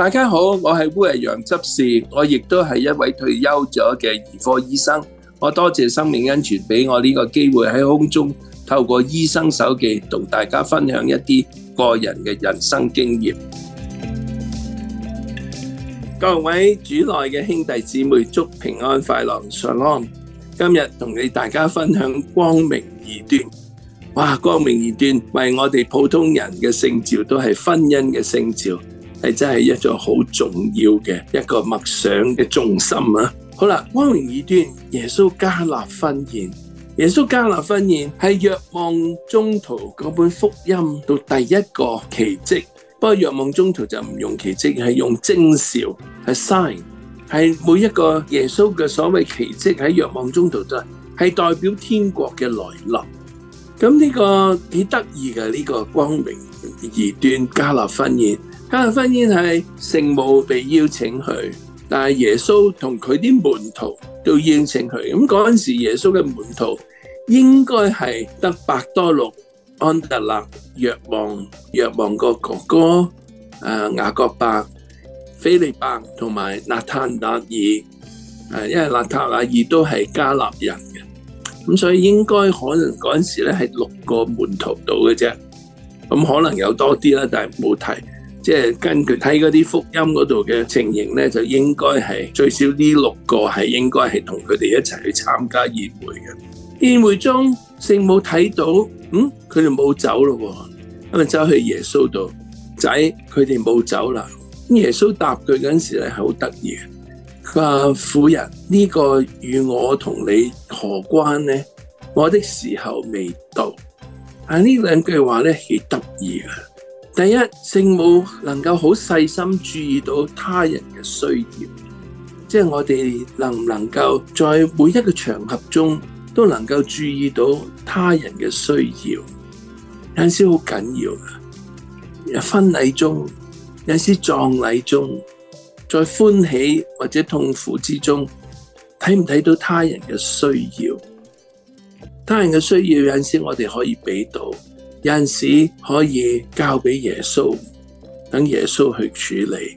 大家好，我係烏羊執事，我亦都係一位退休咗嘅兒科醫生。我多謝生命恩泉俾我呢個機會喺空中透過醫生手記同大家分享一啲個人嘅人生經驗。各位主內嘅兄弟姊妹，祝平安快樂順安。今日同你大家分享光明二端，哇！光明二端，為我哋普通人嘅聖召都係婚姻嘅聖召。係真係一種好重要嘅一個默想嘅中心啊！好啦，光明二端，耶穌加納婚宴。耶穌加納婚宴係若望中途嗰本福音到第一個奇蹟，不過若望中途就唔用奇蹟，係用徵兆，係 sign，係每一個耶穌嘅所謂奇蹟喺若望中途都係代表天國嘅來臨。咁呢個幾得意嘅呢個光明二端加納婚宴。加納嘅婚宴係聖母被邀請去，但係耶穌同佢啲門徒都邀請佢。咁嗰陣時，耶穌嘅門徒應該係得伯多祿、安德勒、約望、約望個哥哥、亞、啊、雅各伯、菲利伯同埋納坦達爾。誒，因為納坦達爾都係加納人嘅，咁所以應該可能嗰時咧係六個門徒度嘅啫。咁可能有多啲啦，但係冇提。即係根據睇嗰啲福音嗰度嘅情形咧，就應該係最少呢六個係應該係同佢哋一齊去參加宴會嘅。宴會中聖母睇到，嗯，佢哋冇走咯、哦，咁啊走去耶穌度。仔，佢哋冇走啦。耶穌答佢嗰陣時咧係好得意嘅。佢話：婦人，呢、這個與我同你何關呢？我的時候未到。但呢兩句話咧，幾得意嘅。第一，聖母能夠好細心注意到他人嘅需要，即係我哋能唔能夠在每一個場合中都能夠注意到他人嘅需要，有陣時好緊要嘅。婚禮中，有陣時葬禮中，在歡喜或者痛苦之中，睇唔睇到他人嘅需要，他人嘅需要有陣時我哋可以俾到。有時可以交俾耶穌，等耶穌去處理。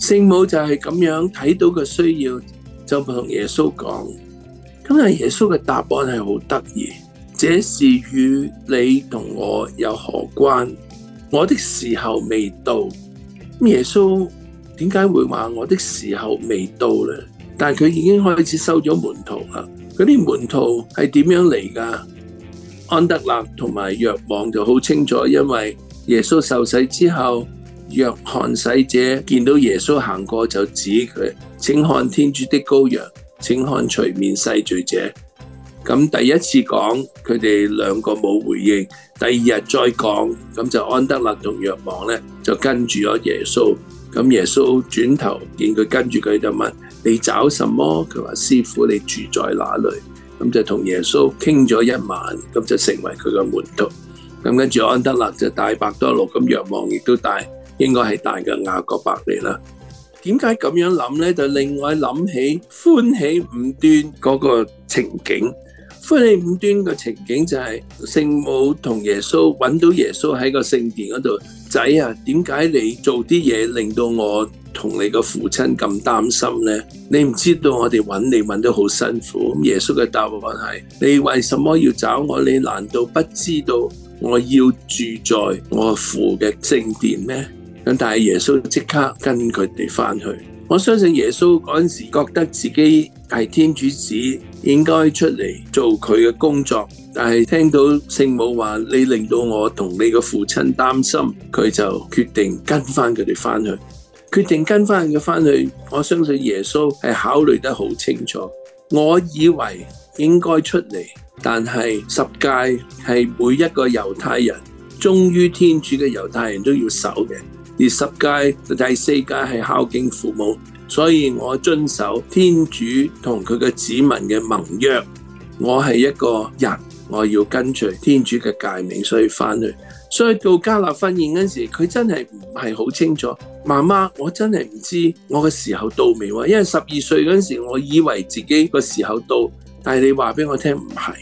聖母就係咁樣睇到嘅需要，就同耶穌講。今日耶穌嘅答案係好得意，這是與你同我有何關？我的時候未到。耶穌點解會話我的時候未到呢？但佢已經開始收咗門徒啦。嗰啲門徒係點樣嚟噶？安德肋同埋約望就好清楚，因為耶穌受洗之後，約翰洗者見到耶穌行過，就指佢：請看天主的羔羊，請看除免世罪者。咁、嗯、第一次講，佢哋兩個冇回應，第二日再講，咁、嗯、就安德肋同約望咧就跟住咗耶穌。咁、嗯、耶穌轉頭見佢跟住佢就問：「你找什麼？」佢話：「師傅，你住在哪裡？」咁就同耶穌傾咗一晚，咁就成為佢嘅門徒。咁跟住安德肋就帶伯多祿，咁若望亦都帶，應該係帶個雅各伯嚟啦。點解咁樣諗呢？就另外諗起歡喜五端嗰個情景。福音五端嘅情景就係、是、聖母同耶穌揾到耶穌喺個聖殿嗰度，仔啊，點解你做啲嘢，令到我同你個父親咁擔心咧？你唔知道我哋揾你揾得好辛苦。咁耶穌嘅答案係：你為什麼要找我？你難道不知道我要住在我父嘅聖殿咩？咁但係耶穌即刻跟佢哋翻去。我相信耶穌嗰陣時覺得自己係天主子。應該出嚟做佢嘅工作，但係聽到聖母話你令到我同你嘅父親擔心，佢就決定跟翻佢哋翻去，決定跟翻佢翻去。我相信耶穌係考慮得好清楚。我以為應該出嚟，但係十戒係每一個猶太人，忠於天主嘅猶太人都要守嘅，而十戒就第四戒係孝敬父母。所以我遵守天主同佢嘅子民嘅盟約，我係一個人，我要跟隨天主嘅戒命。所以翻去。所以到加納婚宴嗰時候，佢真係唔係好清楚。媽媽，我真係唔知道我嘅時候到未喎，因為十二歲嗰時候，我以為自己個時候到，但係你話俾我聽唔係，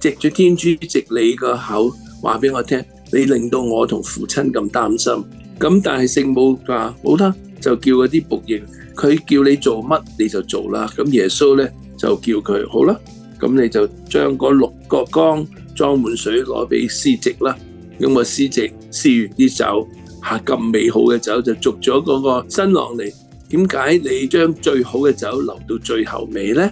藉住天主藉你個口話俾我聽，你令到我同父親咁擔心。咁但係聖母話：冇得。」就叫嗰啲僕役，佢叫你做乜你就做啦。咁耶穌咧就叫佢好啦，咁你就將嗰六個缸裝滿水攞俾司席啦。咁個司席試完啲酒，吓，咁美好嘅酒就續咗嗰個新郎嚟。點解你將最好嘅酒留到最後尾咧？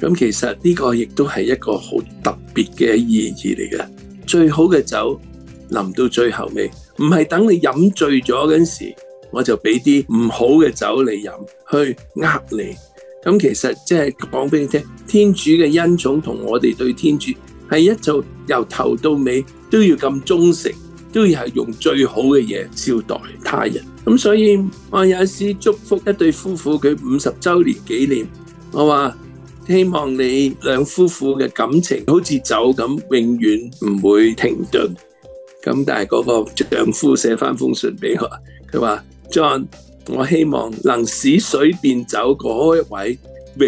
咁其實呢個亦都係一個好特別嘅意義嚟嘅。最好嘅酒臨到最後尾，唔係等你飲醉咗嗰陣時。我就俾啲唔好嘅酒嚟飲，去呃你。咁其實即係講俾你聽，天主嘅恩寵同我哋對天主係一造，由頭到尾都要咁忠誠，都要係用最好嘅嘢招待他人。咁所以我有次祝福一對夫婦佢五十周年紀念，我話希望你兩夫婦嘅感情好似酒咁，永遠唔會停頓。咁但係嗰個丈夫寫翻封信俾我，佢話。John，我希望能使水便走嗰一位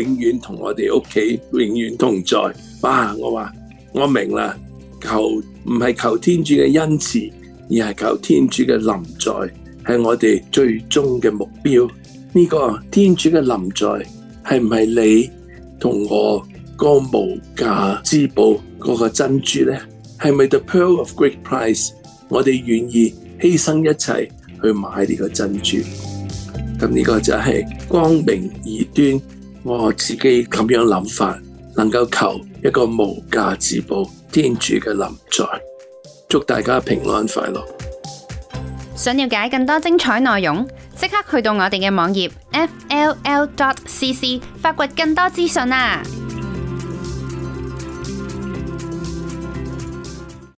永遠同我哋屋企永遠同在。哇！我話我明啦，求唔係求天主嘅恩賜，而係求天主嘅臨在係我哋最終嘅目標。呢、這個天主嘅臨在係唔係你同我個無價之寶嗰、那個珍珠呢？係咪 The Pearl of Great Price？我哋願意犧牲一切。去買呢個珍珠，咁呢個就係光明二端，我自己咁樣諗法，能夠求一個無價之寶，天主嘅臨在。祝大家平安快樂。想了解更多精彩內容，即刻去到我哋嘅網頁 fll.cc，發掘更多資訊啊！